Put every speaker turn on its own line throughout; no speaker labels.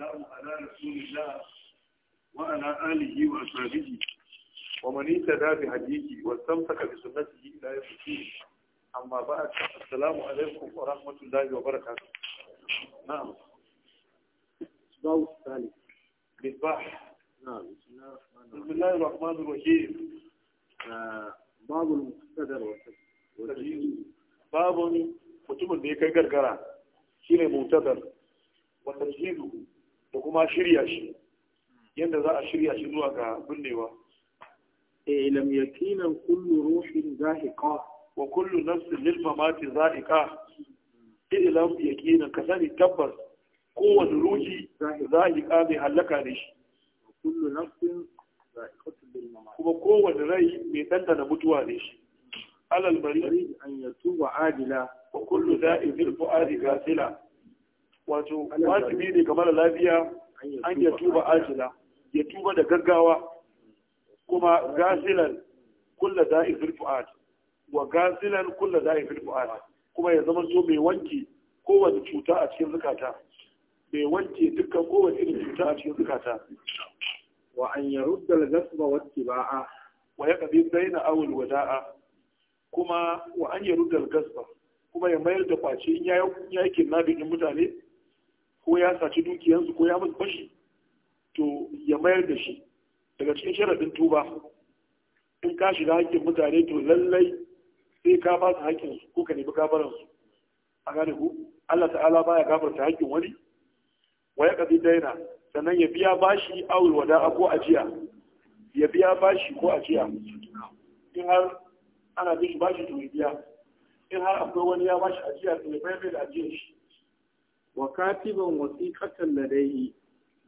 والسلام على رسول الله وعلى آله وأصحابه ومن اهتدى بهديه واستمسك بسنته إلى يوم الدين أما بعد السلام عليكم ورحمه الله وبركاته نعم الصباح الثاني بالبحث نعم بسم الله الرحمن الرحيم باب المقتدر والتجهيز باب mutumin ده ya kai gargara shine mutadar da kuma shirya shi yadda za a shirya shi zuwa ga binnewa ilam eh, yakinan kullu ruhin zahiqa wa kullu nafsin lil mamati zahiqa ilam yakinan ka sani tabbas kowane ruhi zahiqa mai halaka ne shi kullu nafsin zahiqatul lil mamati kuma kowane rai mai dandana mutuwa ne shi alal bari an yatuba adila wa kullu da'i fil fuadi ghasila wato wajibi ne kamar lafiya an ya tuba ajila ya tuba da gaggawa kuma gazilan kulla da'i fil fu'ad wa gazilan kulla da'i fil fu'ad kuma ya zama so mai wanke kowace cuta a cikin zakata mai wanke dukkan kowace irin cuta a cikin zakata wa an rudda al-ghasba wa tibaa wa yaqdi baina awl wada'a kuma wa an ya rudda al-ghasba kuma ya mayar da kwace in ya yake nabin mutane ko ya saci dukiyansu ko ya musu fashi to ya mayar da shi daga cikin sharaɗin tuba in ka shiga haƙƙin mutane to lallai sai ka ba su haƙƙinsu ko ka nemi gafaransu a gane ku Allah ta'ala baya gafarta haƙƙin wani wa ya ƙafi daina sannan ya biya bashi awul wada ko ajiya ya biya bashi ko ajiya in har ana bin bashi to ya biya in har akwai wani ya bashi ajiya to ya bayar da ajiyar shi wa katiban wasiqatan ladayhi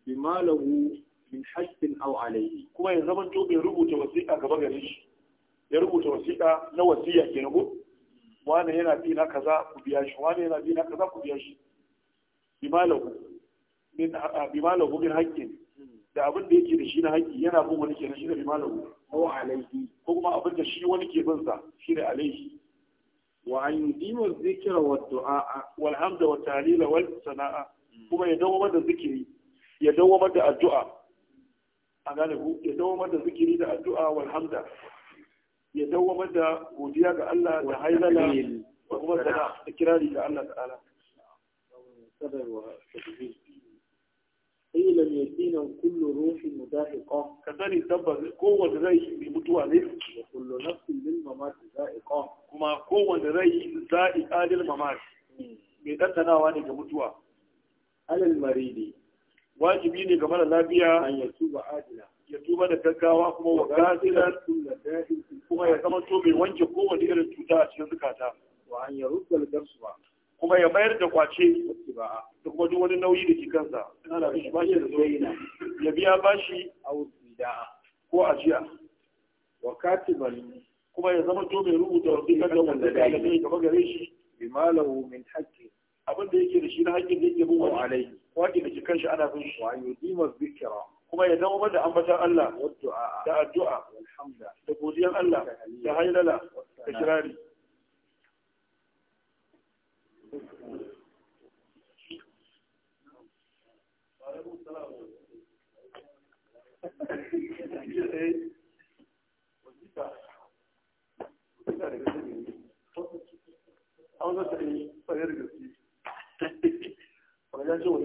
bima lahu min haqqin aw alayhi kuma ya zaman to bai rubuta wasiqa gaba gare shi ya rubuta wasiqa na wasiya kenan ko wani yana bi na kaza ku biya shi wani yana bi na kaza ku biya shi Bi lahu min bi lahu min haqqin da abin da yake da shi na haƙƙi yana bin wani kenan shi da bi lahu aw alayhi ko kuma abin da shi wani ke bin sa shi da alayhi وأن يديم الذكر والدعاء والحمد والتهليل والثناء كما يدوم مدى الذكر يدوم مدى الدعاء أنا يدوم مدى الذكر الدعاء والحمد يدوم مدى وديا ga Allah da hailala da kuma da kirari ga Allah ta'ala sadarwa qila yaqinan kullu ruhin mudahiqa ka sani tabbas kowanne rai mai mutuwa ne kullu nafsin lil mamat za'iqa kuma kowanne rai za'iqa lil mamat mai dantanawa ne ga mutuwa alal maridi wajibi ne ga mara lafiya an yatuba adila ya tuba da gaggawa kuma wa gafiran kuma ya zama to mai wanke kowanne irin cuta a cikin zukata wa an ya rubuta kuma ya bayar da kwace da kuma duk wani nauyi da ke kansa ina da shi bashi da zoyi na ya biya bashi a wuzida ko ajiya wa katiban kuma ya zama to mai rubuta wasu kan da da ya gaba gare shi bi malahu min haqqi abin da yake da shi na haƙƙin da yake bin wani alai waki da ke kanshi ana bin shi wa yudima zikra kuma ya zama da ambatan Allah da addu'a da godiyan Allah da hailala da kirari hausa ta yi tsayar da su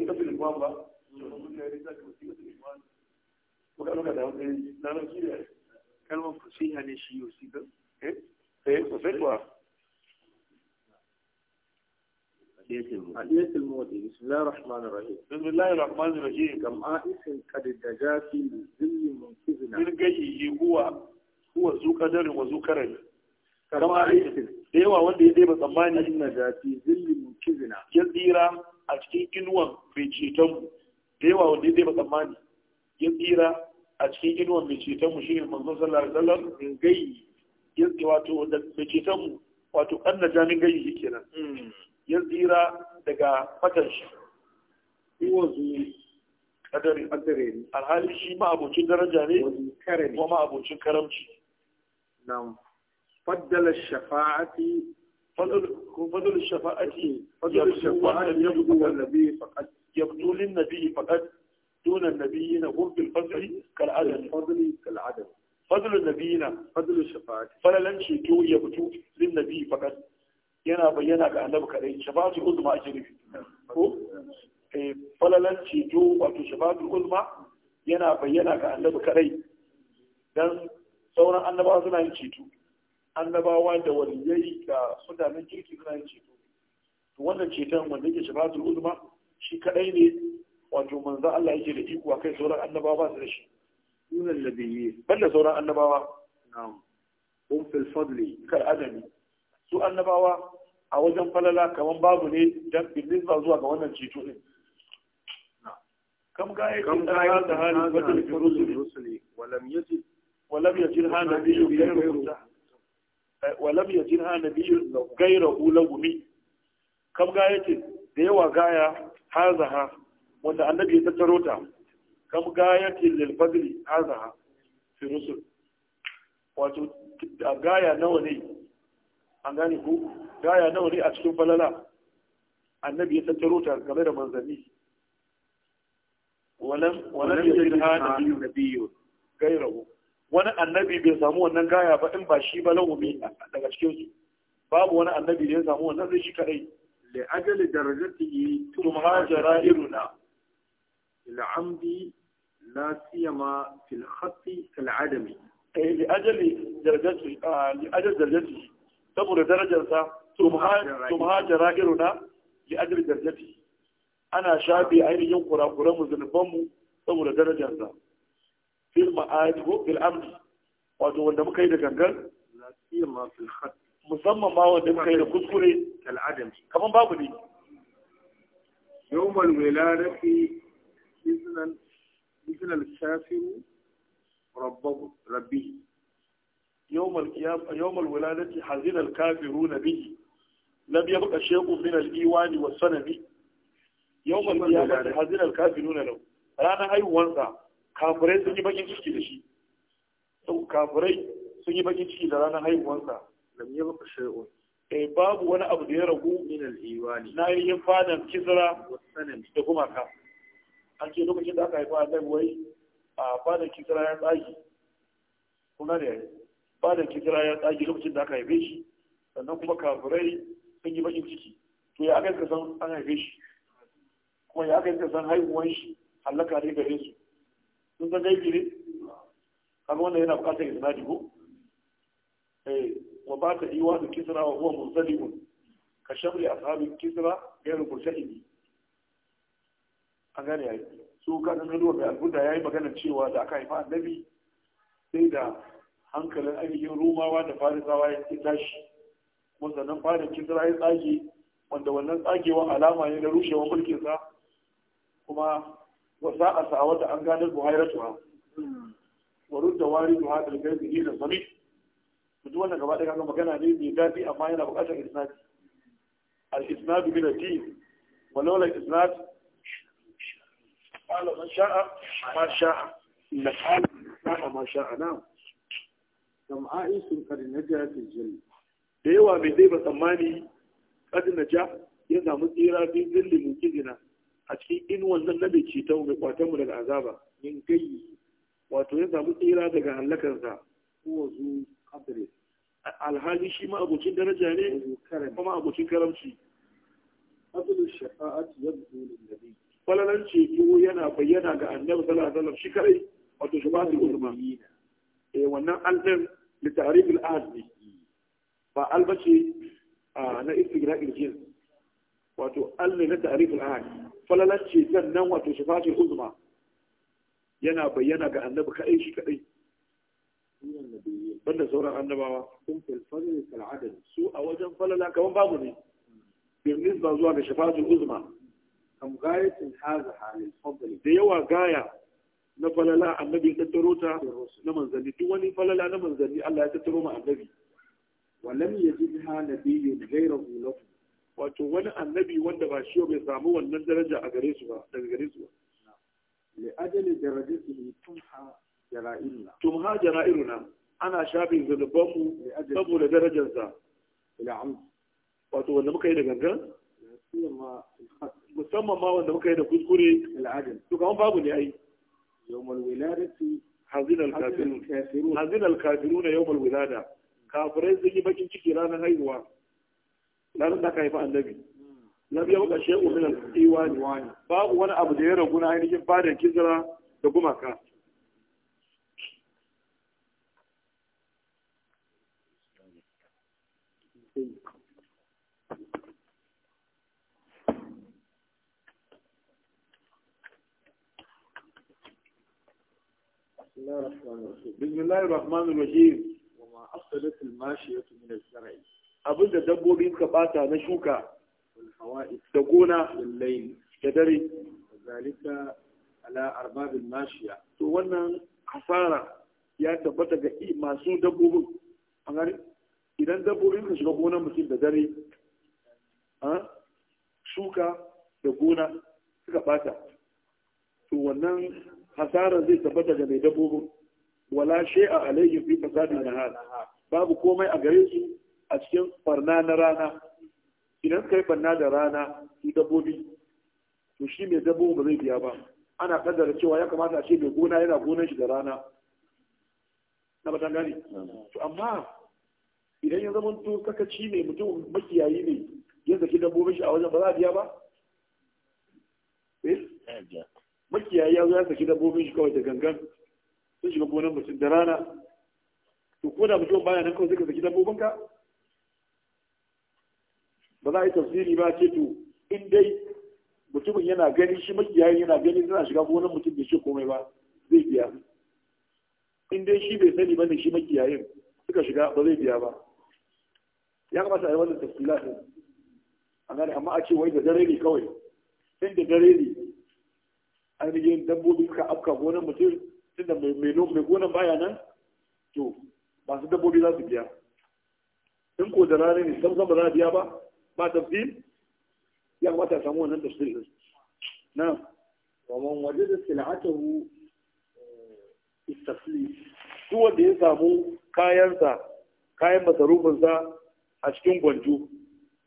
na nan أدية الموضي بسم الله الرحمن الرحيم بسم الله الرحمن الرحيم كم آئس قد دجا في ذل منكزنا من هو هو ذو قدر وذو كرم كم آئس da yawa wanda ya ɗeba tsammani inna da fi zillin kizina ya tsira a cikin inuwan mai cetonmu da yawa wanda ya ɗeba tsammani ya tsira a cikin inuwan mai cetonmu wato da mai cetonmu wato na kenan ya zira daga fatan shi in wanzu kadari alhali shi ma ma'abocin daraja ne ma ma'abocin karamci nan faddala shafa'ati faddal shafa'ati faddal shafa'ati ya buɗu wa nabi faƙad ya buɗu lin nabi faƙad dunan nabi yana gurbin fadli kal'adar fadli kal'adar fadlun nabi yana fadlun shafa'ati falalan ceto ya buɗu lin nabi faƙad yana bayyana ga annabi kadai shafatu uzma ake nufi ko eh falalan ceto wato shafatu uzma yana bayyana ga annabi kadai dan sauran annabawa suna yin ceto annabawa da waliyai da mutanen kirki suna yin ceto to wannan ceton wanda yake shafatu uzma shi kadai ne wato manzo Allah yake da iko kai sauran annabawa ba su da shi sunan nabiyyi banda sauran annabawa na'am hum fil fadli kal adami su annabawa a wajen falala kamar babu ne dan ba zuwa ga wannan ceto ne. kam ga yake da hada hali batul rusuli walam yajid walam yajid ha nabiyyu ghayru eh, walam yajid ha nabiyyu ghayru lagumi kam ga ce da yawa gaya hazaha wanda annabi ya tattaro ta kam gayatin lil fadli hazaha fi rusul wato gaya nawa ne an gane ku gaya nawa ne a cikin falala annabi ya tattaro ta game da manzanni walam walam yajidha nabiyyu gairahu wani annabi bai samu wannan gaya ba in ba shi ba lahumi daga cikin su babu wani annabi da ya samu wannan zai shi kadai li ajali darajatihi tumhajara iruna ila amdi la siyama fil khatti kal adami eh, ah, li ajali darajatihi li ajali darajatihi saboda darajarsa tumhajara iruna yi ajiyar jarjati ana shafe ainihin kurakuran mu zunuban saboda darajarsa fil a ko fil amdi wato wanda muka yi da gangan musamman ma wanda muka yi da kuskure kaman babu ne yawon wiladati iznan iznan shafi'u rabbahu yawmal wuladati hazina al-kafiruna bihi lam yabqa shay'un min al-iwan wa sanabi yawmal qiyamati hazina al-kafiruna law ranar haihuwansa kafirai sun yi bakin ciki sun yi bakin ciki da ranar haihuwansa lam babu wani abu da ya ragu min al na yin fadan kisra da kuma ka lokacin da aka haifa annabi wai a fadan kisra ya tsaki ba da kisra ya tsage lokacin da aka haife shi sannan kuma kafirai sun yi bakin ciki to ya aka yi san an haife shi kuma ya aka yi san haihuwan shi hallaka ne gare su sun san gaibi ne kaga wannan yana bukatar isnadi ko eh wa ba ta wa da kisra wa huwa mursalimun ka shamri ashabin kisra gairu mursalimi an gane yi su kaga nan ruwa mai albuda yi magana cewa da aka haifa annabi sai da hankalin ainihin rumawa da farisawa ya tashi kuma sannan farin kisra ya tsage wanda wannan tsagewan alama ne na rushewar mulkinsa kuma wasa a wata an ganar buhairatuwa wa rudda wari duha da gaibi ne da sami to duk wannan gaba ɗaya kaga magana ne mai daɗi amma yana buƙatar isnad al isnad min ad-din wa law al isnad qala man sha'a ma sha'a Na qala ma sha'a na'am kam aishin kad naja fi jil da yawa mai zai ba tsammani kad ja? ya samu tsira fi zilli mun kizina a cikin inuwan nan na mai ceton mai kwatan daga azaba min gayi wato ya samu tsira daga hallakarsa ko zu qadri alhali shi ma abocin daraja ne kuma abocin karamci fadlu shafa'at yabdu lin nabi falalan ceto yana bayyana ga annabi sallallahu alaihi shi wato shi ba su wannan alzan da tarifin ahad ne ba al bace na istigraq al-jins wato al ne na tarifin ahad falalar ce sannan wato shifatul uzma yana bayyana ga annabi kadai shi kadai banda sauran annabawa kun fil fadl su a wajen falala babu ne zuwa ga shifatul uzma kam da yawa gaya na falala annabi ya tattaro ta na manzanni duk wani falala na manzanni Allah ya tattaro ma annabi walam yajidha nabiyyun ghayrahu lahu wato wani annabi wanda ba shi bai samu wannan daraja a gare su ba daga gare su ba li ajali darajatihi tumha jara'iruna tumha jara'iruna ana shafin zunuban mu saboda darajar sa ila am wato wanda muka yi da gangan musamman ma wanda muka yi da kuskure ila ajali to kaman babu ne ai yawmal wiladati hazinal kafirun hazinal kafirun yawmal wilada kafirai sun yi bakin ciki ranar haihuwa ranar da ka haifa annabi na biyan ƙashe umarnin iwani babu wani abu da ya ragu na ainihin fadar kizira da gumaka الله الرحمن الرحيم بسم الله الرحمن الرحيم وما dabbobi suka bata na shuka da gona da dare zalika ala arbabil mashiya to wannan hasara ya tabbata ga masu dabbobin idan dabbobin ka shiga gonar mutum da dare shuka da gona suka bata to wannan Hasara zai tabbata ga mai dabbobin wala shay'a alaihim fi fasadin nahar babu komai a gare su a cikin farna na rana idan kai farna da rana su dabbobi to shi mai dabbobin ba zai biya ba ana kaddara cewa ya kamata a ce mai gona yana gonar shi da rana na batan gani to amma idan ya zama to sakaci ne mutum makiyayi ne ya saki dabbobin shi a wajen ba za a biya ba eh? Eh, makiyayi ya zo ya saki dabbobin shi kawai da gangan sun shiga gonar mutum da rana to ko da mutum baya nan kawai suka saki dabbobinka ba za a yi tafsiri ba ce to in dai mutumin yana gani shi makiyayi yana gani suna shiga gonar mutum bai ce komai ba zai biya in dai shi bai sani ba ne shi makiyayin suka shiga ba zai biya ba ya kamata a yi wannan tafsila ɗin a gane amma a ce wai da dare ne kawai in da dare ne ainihin dabbobi suka afka gonan mutum tunda mai mai gonan baya nan to masu dabbobi za su biya in ko da rana ne sam sam ba za a biya ba ba fi ya kamata a samu wannan tafsir din na wa man wajada sil'atahu eh, istafli su wanda ya samu kayansa kayan masarufinsa a cikin gwanjo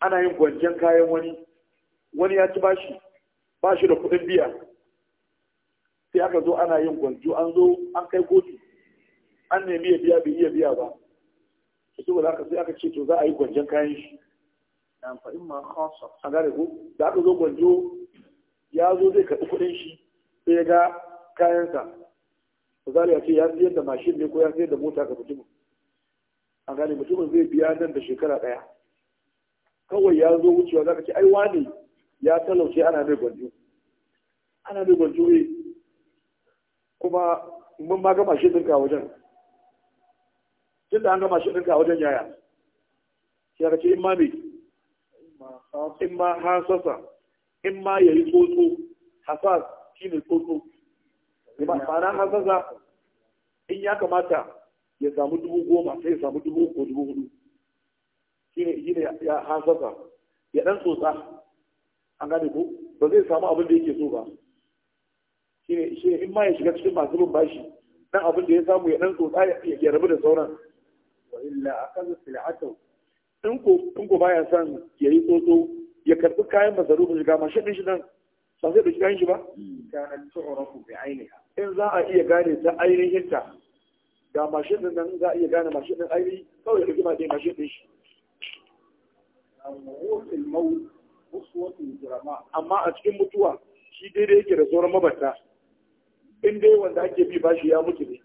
ana yin gwanjen kayan wani wani ya ci bashi bashi da kuɗin biya sai aka zo ana yin gwanjo an zo an kai kotu an nemi ya biya bai iya biya ba su saboda haka sai aka ce to za a yi gwanjon kayan shi an amfani ma khasa a gane ku da aka zo gwanjo ya zo zai karɓi kuɗin shi sai ya ga kayansa misali a ce ya siyar da mashin ne ko ya siyar da mota ga mutumin a gane mutumin zai biya nan da shekara ɗaya kawai ya zo wucewa za ka ce ai wane ya talauce ana mai gwanjo ana mai gwanjo eh kuma mun ma gama shi dinka wajen tunda an gama shi dinka wajen yaya sai aka ce in ma me in ma hasasa in ma ya yi tsotso hasas shi ne tsotso ma'ana hasasa in ya kamata ya samu dubu goma sai ya samu dubu ko dubu hudu shi ne ya hasasa ya ɗan tsotsa an gane ko ba zai samu abin da yake so ba shi in ma ya shiga cikin masu bin bashi dan abin da ya samu ya dan tsotsa ya rabu da sauran wa illa akaza sil'atu in ko in ko baya son ya yi tsotso ya karbi kayan masarufin shiga ma shi din shi dan ba sai da kayan shi ba kana tu'rafu bi ainiha in za a iya gane ta ainihin ta ga mashin din nan za a iya gane mashin din ainihi kawai da kima dai mashin din shi amma a cikin mutuwa shi daidai yake da sauran mabata in dai wanda ake bi bashi ya mutu ne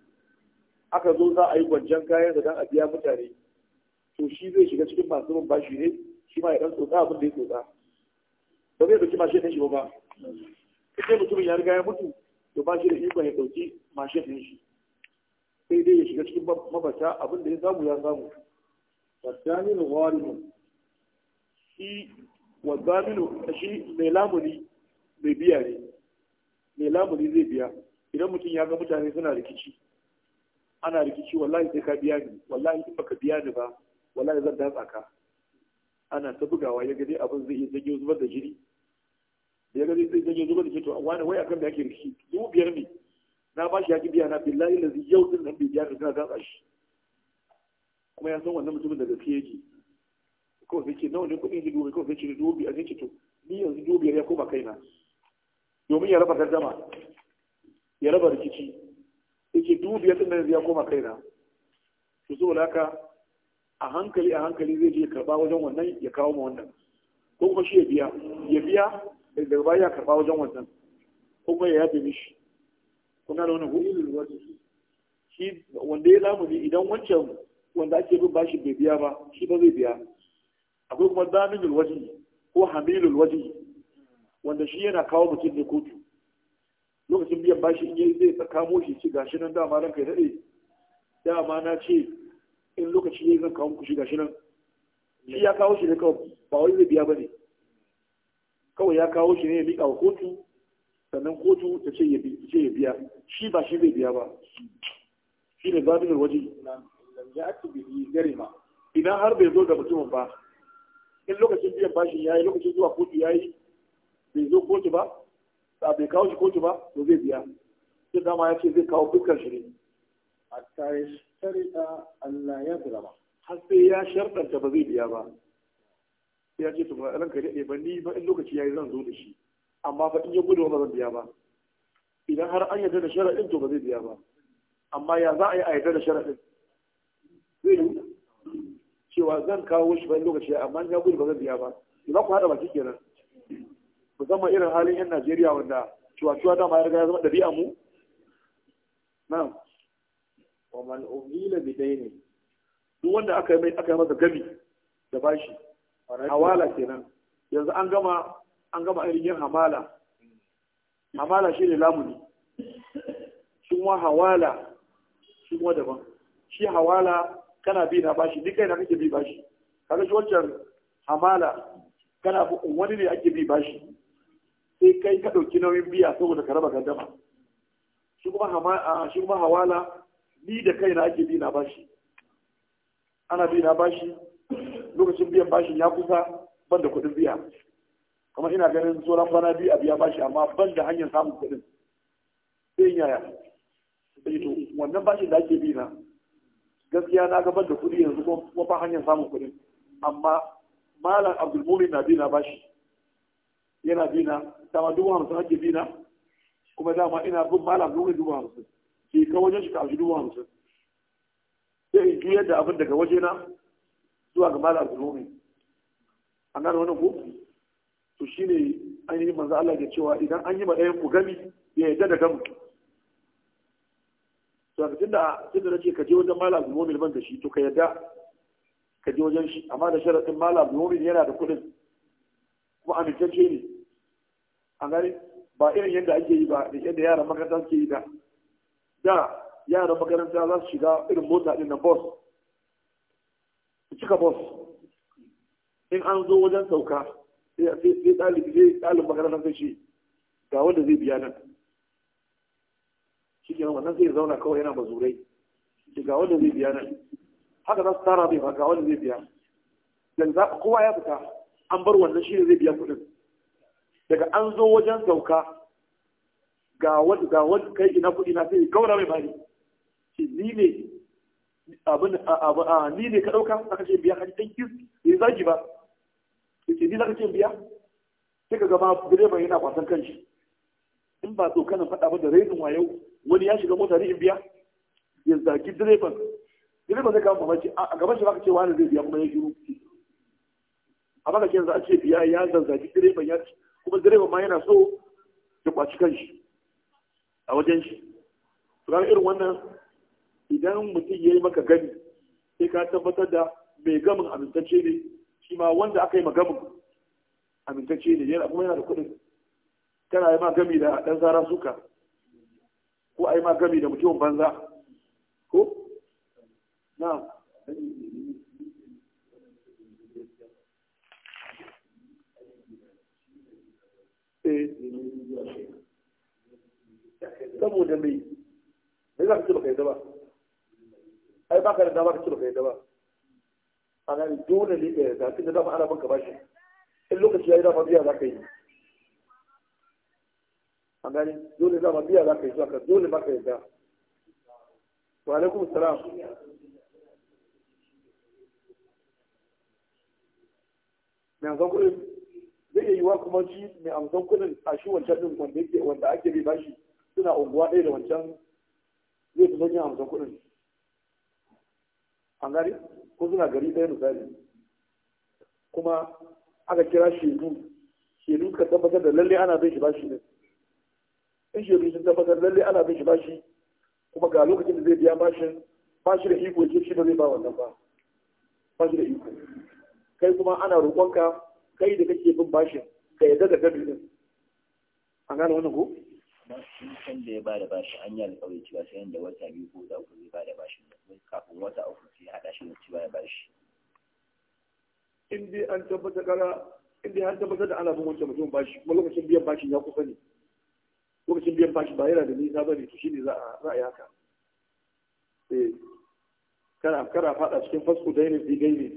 aka zo za a yi gwanjan kayan da dan a biya mutane to shi zai shiga cikin masu bin bashi ne shi ma ya dan tsotsa abin da ya tsotsa ba zai dauki mashin shi ba kace mutumin ya riga ya mutu to ba shi da ikon ya dauki mashin din shi sai dai ya shiga cikin mabata abin da ya samu ya samu wadanil ghalimu shi wadanil shi mai lamuni mai biya ne mai lamuni zai biya idan mutum ya ga mutane suna rikici ana rikici wallahi sai ka biya ni wallahi in baka biya ni ba wallahi zan datsa ka ana ta bugawa ya ga dai abin zai iya zage zubar da jiri da ya ga zai zage zubar da jiri to wani wai akan da yake rikici dubu biyar ne na ba shi ya ki biya na billahi lazi yau din nan bai biya ka kana datsa shi kuma ya san wannan mutumin da gaske yake ko sai ce nawa ne kuɗin dubu kawai sai ce dubu biyar ne ce to ni yanzu dubu biyar ya koma kaina domin ya raba gardama ya raba rikici yake dubu biyar ɗin da ya koma kaina to saboda laka a hankali a hankali zai je karba wajen wannan ya kawo mu wannan ko kuma shi ya biya ya biya daga baya ya karɓa wajen wannan ko kuma ya yafe mishi kuna da wani da wajen shi wanda ya ne idan wancan wanda ake bin bashi bai biya ba shi ba zai biya akwai kuma zaminul wajen ko hamilul wajen wanda shi yana kawo mutum ne kotu bashi in zai kamo shi ce gashi nan dama ranka ya dade dama na ce in lokaci ne zan kawo muku shi gashi nan shi ya kawo shi ne kawai ba wai zai biya bane kawai ya kawo shi ne ya miƙa wa kotu sannan kotu ta ce ya biya shi ba shi zai biya ba shi ne zaɓin waje idan har bai zo da mutumin ba in lokacin biyan bashin ya yi lokacin zuwa kotu ya yi bai zo kotu ba da bai kawo shi kotu ba to zai biya shi dama ya ce zai kawo dukkan shi ne a tare sharita Allah ya zama har sai ya sharɗanta ba zai biya ba ya ce to ran ka daɗe ba ni ba in lokaci yayi zan zo da shi amma fa in ya gudu ba zan biya ba idan har an yarda da sharaɗin to ba zai biya ba amma ya za a yi a yarda da sharaɗin zai cewa zan kawo shi ba in lokaci amma in ya gudu ba zan biya ba idan ku haɗa baki kenan musamman irin halin yan Najeriya wanda cuwa-cuwa dama ya riga ya zama ɗabi'a mu? Na'am. Wa man umila daini. Duk wanda aka yi aka yi masa gami da bashi. Hawala kenan. Yanzu an gama an gama yin hamala. Hamala shi ne lamuni. Shi kuma hawala shi kuma daban. Shi hawala kana bi na bashi, ni kai na kake bi bashi. Kaga shi wancan hamala kana wani ne ake bi bashi. sai kai ka ɗauki nauyin biya saboda ka raba gandama shi kuma hawala ni da kaina ake bi na bashi ana bi na bashi lokacin biyan bashin ya kusa ban da kuɗin biya kamar ina ganin tsoron bana biyu a biya bashi amma ban da hanyar samun kuɗin sai yaya sai eh to wannan bashin da ake bi na gaskiya na ban da kuɗi yanzu kuma ba hanyar samun kuɗin amma malam abdulmumin na bi na bashi yana bina dama dubu hamsin ake bina kuma dama ina bin malam dubu dubu hamsin ke ka wajen shi ka shi dubu hamsin sai in juyar da abin daga wajena zuwa ga malam zulumi an gane wani ku? to shine yi manzo Allah ya cewa idan an yi ma ɗayan ku gami ya yadda da gamu to da tunda tunda ce ka je wajen malam zulumi ban da shi to ka yadda ka je wajen shi amma da sharaɗin malam zulumi yana da kuɗin kuma amintacce ne a gari ba irin yadda ake yi ba da yadda yaran makaranta suke yi da da yaran makaranta za su shiga irin mota din na bus su cika bus in an zo wajen sauka sai ɗalibi zai ɗalibin makaranta sai shi ga wanda zai biya nan shi kenan wannan zai zauna kawai yana shi ga wanda zai biya nan haka za su tara bai ba ga wanda zai biya yanzu kowa ya fita an bar wannan shi ne zai biya kuɗin daga an zo wajen sauka ga wani ga wani kai ina kuɗi na sai gaura mai bari shi ni ne abin a ni ne ka dauka aka ce biya kan take yi zaki ba ce ni za ka ce biya sai ka gama direban yana kwasan kanshi in ba tsokanin faɗa ba da rainin wayo wani ya shiga mota ne in biya ya zaki direban direban zai kama mamaci a gaban shi baka ce wani zai biya kuma ya shiru a baka ce yanzu a ce biya ya zazzaki direban ya ce kuma direban ma yana so ya kwaci kanshi a wajen shi to ga irin wannan idan mutum ya yi maka gani sai ka tabbatar da mai gamin amintacce ne shi ma wanda aka yi ma gamin amintacce ne yana kuma yana da kuɗin kana yi ma gami da ɗan zara suka ko a yi ma gami da mutumin banza ko na saboda mai me za ka ce baka yadda ba ai baka da dama ka ce baka yadda ba a nan dole ne ka yarda tunda dama ana banka bashi in lokaci ya yi dama biya za ka yi a gani dole dama biya za ka yi zuwa ka dole ba ka yarda wa alaikum salam yanzu kuɗi iya yiwa kuma shi mai amsan kudin a shi wancan din wanda yake wanda ake bi bashi suna unguwa ɗaya da wancan zai fi sauƙin amsan kudin an gari ko suna gari ɗaya misali kuma aka kira shaidu shaidu ka tabbatar da lalle ana bin shi bashi ne in shedu sun tabbatar lalle ana bin shi bashi kuma ga lokacin da zai biya bashin bashi da iko ce shi ba zai ba wannan ba bashi da iko kai kuma ana roƙonka kai da kake bin bashin ka yadda da gado din an gane wannan ko amma sun san da ya ba da bashi an yi alƙawari cewa sai yanda wata biyu ko da uku zai ba da bashi kafin wata uku sai hada shi da ba ya bashi in dai an tabbata kara in an tabbata da ana bin wancan mutum bashi kuma lokacin biyan bashi ya kusa ne lokacin biyan bashi ba yana da nisa ba ne to shine za a yi haka eh, kana kana faɗa cikin fasko da yanayi gaini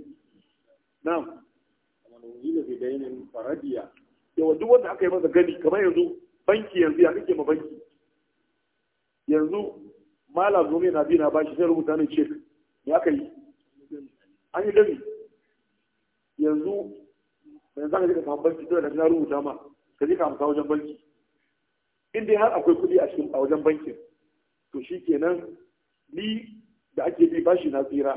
na'am yawa duk wanda aka yi masa gani kamar yanzu banki yanzu ya kake ma banki yanzu malam zo na biyu na bashi sai rubuta ne cek me aka yi an yi gani yanzu yanzu aka je ka samu banki dole na rubuta ma ka je ka amsa wajen banki in dai har akwai kuɗi a cikin a wajen bankin to shi kenan ni da ake bi bashi na tsira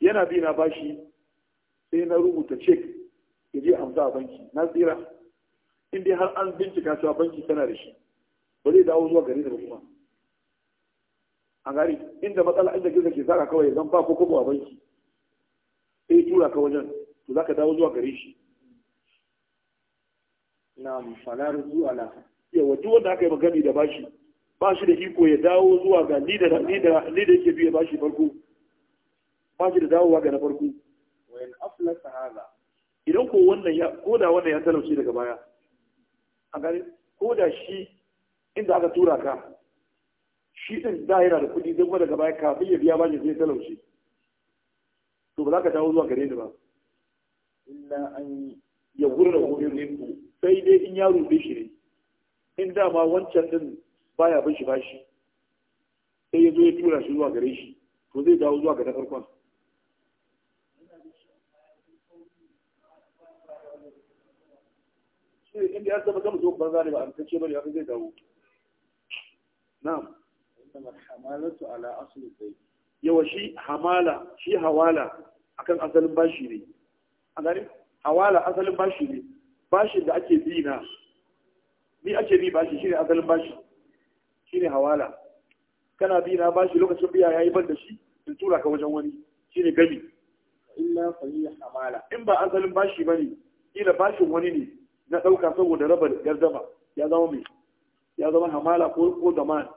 yana bi na bashi sai na rubuta cek ya je amsa a banki na tsira in dai har an bincika cewa banki tana da shi ba zai dawo zuwa gare da kuma a gari inda matsala inda gizo ke zaka kawai zan ba ko kobo a banki sai tura ka wajen to zaka dawo zuwa gare shi na falar zuwa na yawa duk wanda aka yi magani da bashi ba shi da iko ya dawo zuwa ga ni da ni da ni da yake biya bashi farko ba shi da dawowa ga na farko fa in aflasa hadha idan ko wannan ya ko da wannan ya talauce daga baya a gare ko da shi inda aka tura ka shi din da yana da kudi zai daga baya kafin ya biya bashi zai talauce to ba za ka dawo zuwa gare ni ba illa an ya gurra wurin sai dai in ya rufe shi ne in dama wancan din baya bin shi bashi sai ya zo ya tura shi zuwa gare shi to zai dawo zuwa ga na farkon in da ya zama zama zuwa banza ne ba amintacce bane haka zai dawo na'am inna hamalatu ala asli dai yawa shi hamala shi hawala akan asalin bashi ne a gani hawala asalin bashi ne bashin da ake bi na ni ake bi bashi shine asalin bashi shine hawala kana bi na bashi lokacin biya yayi ban da shi in tura ka wajen wani shine gami illa fa hiya hamala in ba asalin bashi bane ila bashin wani ne na ɗauka saboda raba gardama ya zama mai ya zama hamala ko ko dama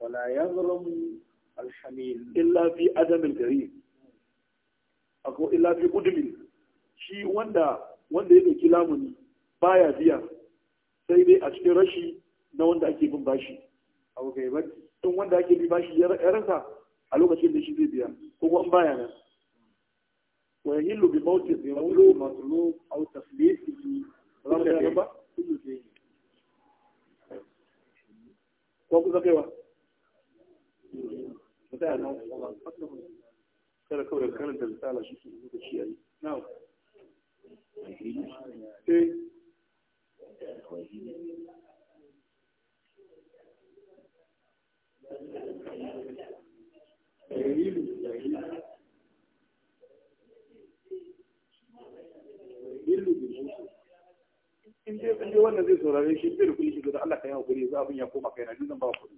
wala yazrum alhamil illa fi adam algari ako illa fi udmil shi wanda wanda ya dauki lamuni baya biya sai dai a cikin rashi na wanda ake bin bashi abu kai ba tun wanda ake bin bashi ya rasa a lokacin da shi zai biya ko kuma baya nan wa yahillu bi da Thank you. in dai in wannan zai saurare shi zai rukuni shi da Allah ka yi hakuri za abin ya koma kai na zan ba kuɗi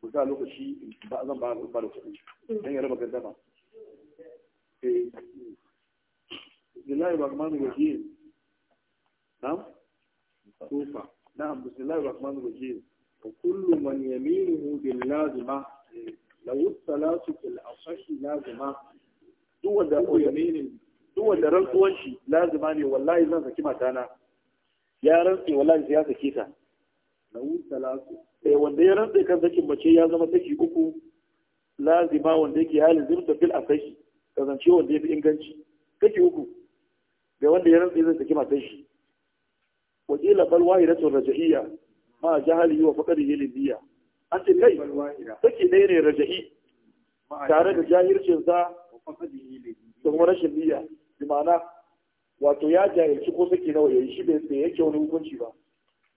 ku sa lokaci ba zan ba ba da kuɗi dan ya raba gaddama eh billahi rahman rahim na'am kufa na'am bismillahir rahmanir rahim wa kullu man yaminuhu bil lazima law salatu fil asahi lazima duk wanda yaminin
duk da rantsuwan
shi lazima ne wallahi zan saki matana ya rantse wallahi ya sake ta lahu talasu eh wanda ya rantse kan sakin mace ya zama saki uku lazima wanda yake halin zurta fil afashi kazance wanda yafi inganci saki uku ga wanda ya rantse zai saki matan shi wakila bal wahidatu raja'iyya ma jahali wa faqadihi lidiyya an ce kai saki dai ne raja'i tare da jahircin sa da kuma rashin niyya bi ma'ana wato ya jayanci ko sake nawa yi, shi bai yake wani hukunci ba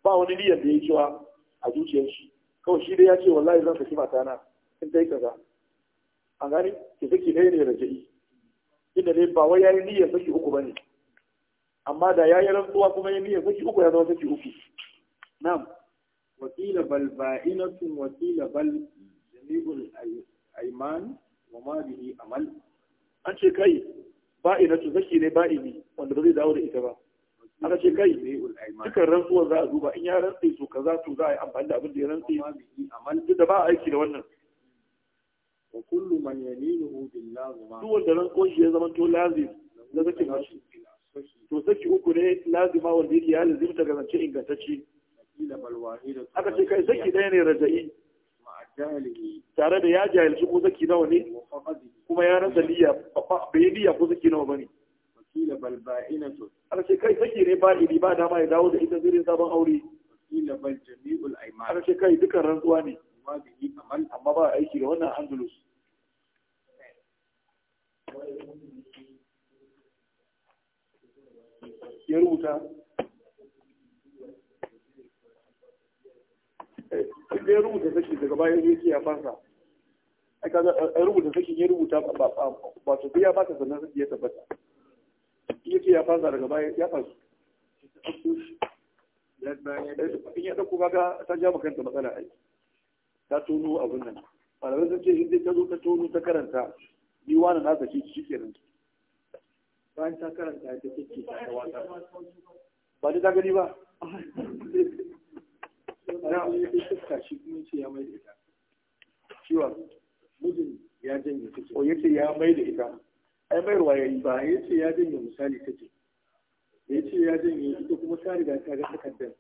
ba wani niyyar da ya yi cewa a zuciyar shi kawai shi dai ya ce wallahi zan saki na in dai kaza an gani ke saki dai ne raja'i inda dai ba wai yi niyyar saki uku ne. amma da ya yi rantsuwa kuma ya yi niyyar saki uku ya zama saki uku na'am wakila bal ba'inatun wakila bal jami'ul aiman wa ma bihi amal an ce kai ba'inatu zaki ne ba'ini wanda ba zai dawo da ita ba aka ce kai dukkan rantsuwar za a duba in ya rantse so kaza za a yi amfani da abin da ya rantsi amma duk da ba a aiki da wannan wa kullu man yaminuhu billahi ma duk wanda rantsuwar shi ya zama to lazim da zakin mashi to saki uku ne lazima wanda yake ya lazimta ga zance ingantacce aka ce kai saki ɗaya ne raja'i tare da ya jahilci ko zaki nawa ne kuma ya rasa niyya bai niyya ko zaki nawa bane wakila bal ba'inatu ana kai saki ne ba'ini ba dama ya dawo da ita zirin sabon aure wakila bal jami'ul aiman ana ce kai dukan rantsuwa ne amma ba aiki da wannan andalus ya rubuta da ya rubuta saki daga bayan yake ya fasa a kaga an eh, eh, rubuta saki ya rubuta ba ba to ya fasa sannan saki ya tabbata yake ya fasa daga bayan ya fasa in ya dauko kaga ta ja kanta matsala ai ta tono abun nan malamai sun ce in ta zo ta tono ta karanta ni wani na saki shi kenan bayan ta karanta ta kike ta wata ba ni ta gani ba na ya shi kuma ce ya mai da ita cewa mijin ya oh, ya da ita ai mai ruwa yayi ba ce ya janye misali ta ce ya janye ita kuma ta riga ta ga takardar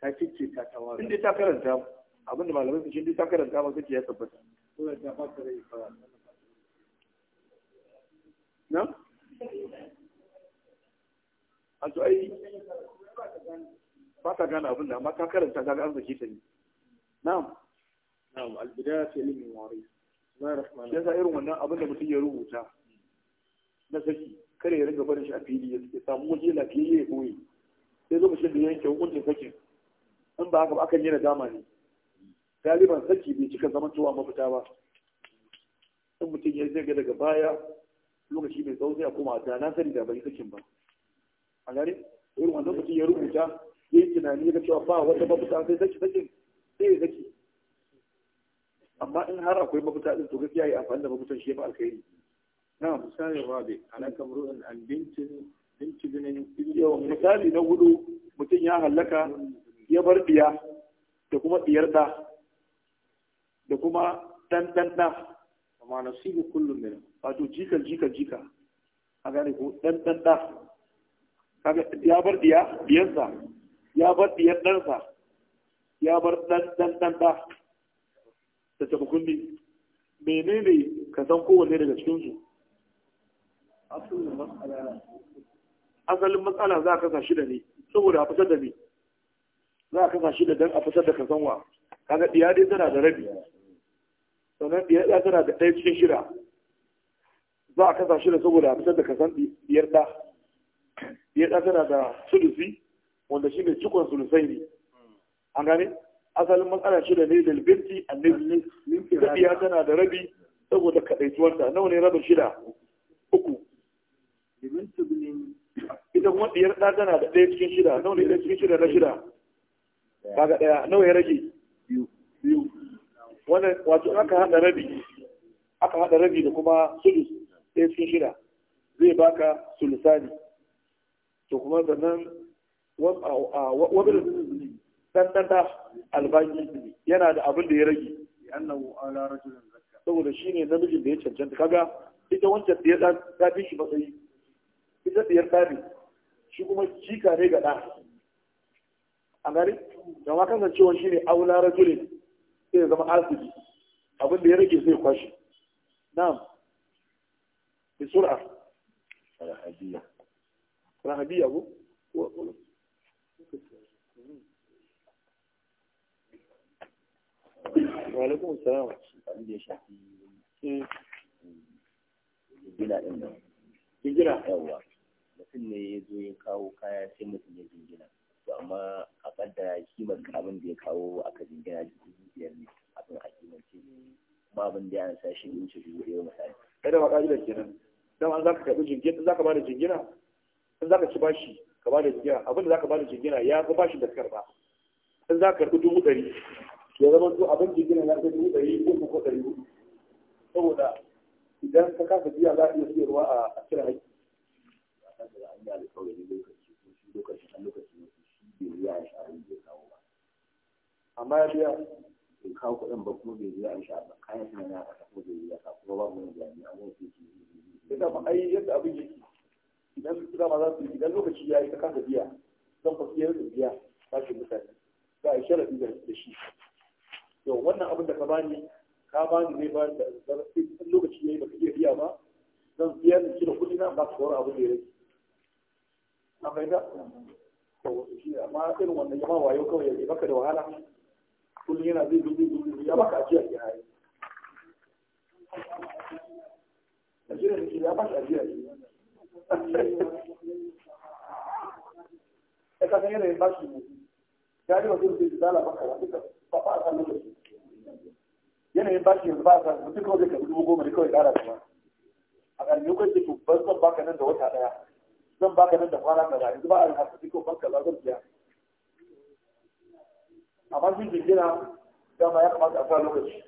ta kike ta tawara inda ta karanta abin da malamai su ta karanta ba take ya tabbata ta na a to ai ba ka gane abin da amma ka karanta ga arziki ta yi na'am na'am albidaya ce ilimin wari ya sa irin wannan abin da mutum ya rubuta na saki kare ya ringa barin shi a fili ya samu waje lafiyayye ya koyi sai lokacin da ya yanke hukuncin sakin in ba haka ba akan yi dama ne galiban saki bai cika zaman cewa mafita ba in mutum ya zai daga baya lokaci mai tsawo sai a koma da na sani da bai sakin ba a gari irin wannan mutum ya rubuta yi tunani da cewa ba wata mafita sai saki sakin sai ya saki amma in har akwai mafita din to gaskiya yi amfani da mafitan shi ya fi alkhairi na misali rabi ana kamru'in an bintin bincinin yawan misali na hudu mutum ya hallaka ya bar diya da kuma diyar da da kuma dan dan da amma nasibu kullum ne wato jikal jikal jika a gane ko dan dan da kaga ya bar diya diyarsa ya bar diyar ɗansa ya bar ɗan ɗan ɗan ɗa da tafi kundi menene ka san kowane daga cikinsu asalin matsala za a kasa da ne saboda a fitar da ne za a kasa da don a fitar da wa kaga diya dai tana da rabi sannan diya ɗaya tana da ɗaya cikin shida za a kasa da saboda a fitar da kasan diyar ɗa diyar ɗa tana da sulusi wanda shi ne cikon sulusai ne an gane asalin matsala shida ne da binti annabi tafiya tana da rabi saboda kadaituwarta nawa ne rabin shida uku ita kuma diyar ɗa tana da ɗaya cikin shida nawa ne ɗaya cikin shida na shida ga ɗaya nawa ya rage wannan wato aka haɗa rabi aka haɗa rabi da kuma sulus ɗaya cikin shida zai baka sulusani to kuma sannan wabir ɗanɗana albani yana da abin da ya rage saboda shi ne namijin da ya cancanta kaga ita wancan da ya ɗafi shi matsayi ita da ya ɗafi shi kuma jika ne ga ɗa a gari da ma kasancewa shi ne aula rajulin sai zama asibi abin da ya rage sai kwashe na'am بسرعة رهبية رهبية أبو Walaikun salam da ya shafi eh, jingina ɗin nan. Jingina? Yawwa. Mutum ne ya zo ya kawo kaya sai mutum ya jingina. To amma a kimar abin da ya kawo aka jingina biyar ne abin a kimance. Kuma abin da ya sa shi misali. Kada ma ƙa'idar kenan. an za ka karɓi jingina, za ka ba da jingina, in za ka ci bashi ka ba da jingina abin da za ka ba da jingina ya fi shi da karba in za ka karbi dubu ɗari ya zama to abin jingina ya fi dubu ɗari uku ko ɗari saboda idan ka kasa biya za a iya siyarwa a cire haƙƙi amma ya biya bai kawo kuɗin ba kuma bai biya a sha ba kayan suna na ƙasa ko bai biya ka kuma babu wani jami'a wani ke ke ai yadda abin yake idan su dama za su idan lokaci ya yi ka kasa biya zan fa iya da biya sashen mutane za a yi sharaɗi da shi yau wannan abin da ka bani ka bani ne ba da lokaci ya yi baka iya biya ba zan biya da shi da kuɗi na ba ka sauran abin da ya rage an fahimta to wasu shi amma irin wannan yama wayo kawai ya baka da wahala kullum yana zai dubi dubi ya baka ajiyar ya yi ajiyar ya baka ajiyar ya ya ka san yanayin ya ji wasu zai zala baka wa duka ba a san lokaci yanayin bashi yanzu ba a san mutum kawai zai karbi dubu goma ne kawai ƙara gaba a ƙarfi ko ce to ban zan baka nan da wata ɗaya zan baka nan da kwana kaza yanzu ba a yi hasabi ko ban zan biya amma shi jingina dama ya kamata a sa lokaci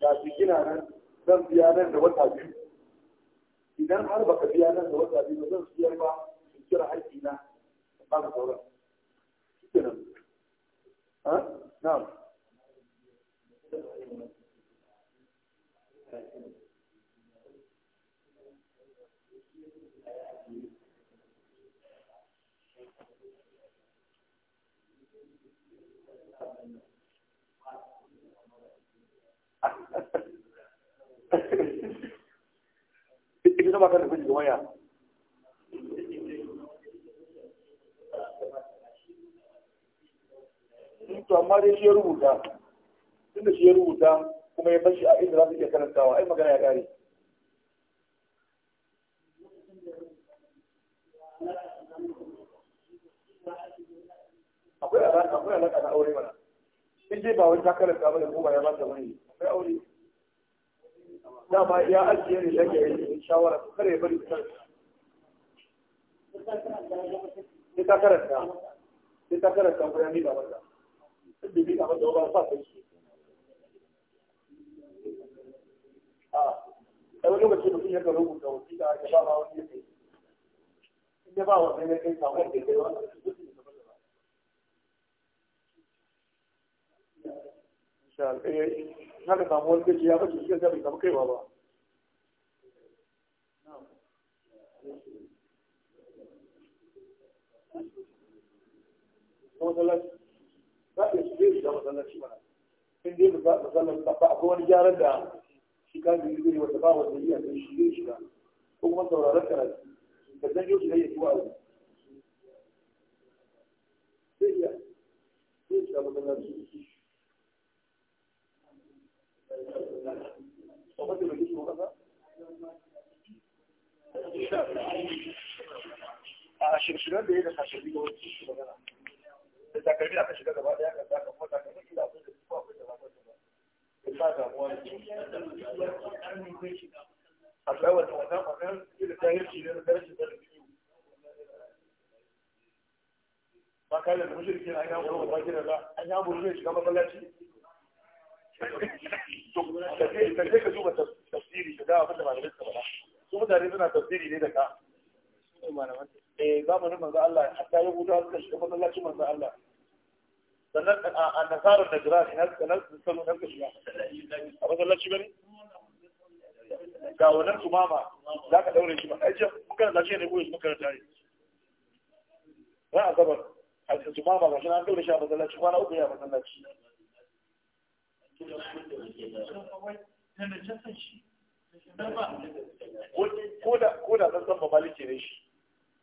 da jingina nan zan biya nan da wata idan har baka biya nan da wata biyu zan siyar ba in kira haƙƙi na ba ka sauran shikenan ha na'am ita ta maka da kuji ga waya to amma dai shi ya rubuta tunda shi ya rubuta kuma ya bashi a inda za su iya karantawa ai magana ya kare akwai alaƙa na aure mana in dai ba wani ta karanta ba da kuma ya ba ta wani akwai aure dama ya ajiye ne yake yi shawara su kare bari ta sai ta karanta sai ta karanta ko ya miƙa mata sai bai miƙa mata ba sa ta shi a sai wani lokaci mutum ya karo rubuta wasiƙa ya ba ma wani yake in ya ba ya kai da kai haka samu wani zai ya shi samu ba yi shiga ba da shi kan yi wata ba wanda yi a shi zai shiga kuma sauraron karatu da zai a shirshirarda ya da kashe biyu wani shi magana da takarmi aka shiga gaba daya kan zaka kuma takarmi kila abin da kuma abin da ba ta ba in ba damuwa ne a tsawon wannan wannan magana kila ta yarci ne da darasi da biyu ba kai da mushrikin an yi da yi amuru zai shiga masallaci suna tafsiri ne da ka eh zamanin manzo Allah hatta ya huta suka shiga masallacin manzo Allah sannan a nasarar da jira ina suka nan suka nan suka shiga a masallaci bane ga wannan tumama za ka daure shi ba ai je kuka da shi ne ko shi muka da shi ba a gabar tumama ga shi an daure shi a masallaci kwana uku ya masallaci Thank you. ko da tsantsan ba malike ne shi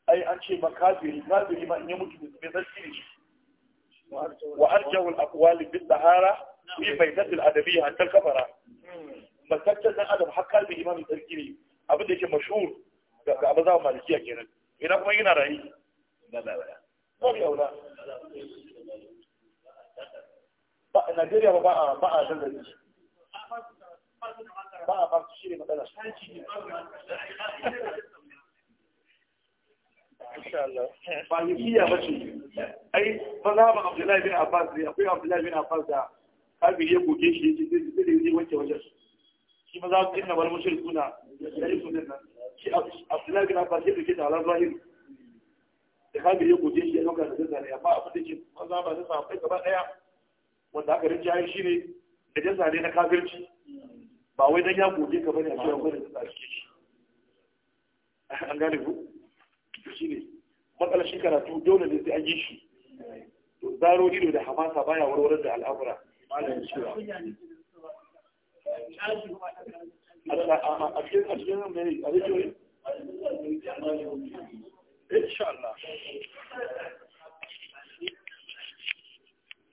ai an ce ma kafiri kafiri ma in ya mutu bai san shi ne shi wa arjawul aqwali bis sahara fi baidatil adabiyya an kafara masakkan dan adam har kafiri ma mai sarki ne abin da yake mashhur ga abin zama malikiya kenan ina kuma yana rayi ba bi aula ba Najeriya ba ba a ba a ba a ba su shi ne matsalar ba yi yukiya ba ce ai maza ba abdullahi bin abbas ne akwai abdullahi bin abbas da kafin ya goge shi ya ce zai zai zai wanke wajen shi maza ba inna wal mushrik kuna yayi sunan nan shi abdullahi bin abbas ya dake da ala zahiri da kafin ya goge shi ya dauka da zai amma abin da ke maza ba sai sa gaba daya wanda aka rinjaye shi ne da jaza ne na kafirci ba wai dan ya goge ka bane a cikin da shi an gane ku shi ne matsalar shi karatu dole ne sai an yi shi to zaro ido da hamasa baya warware da al'amura malam Allah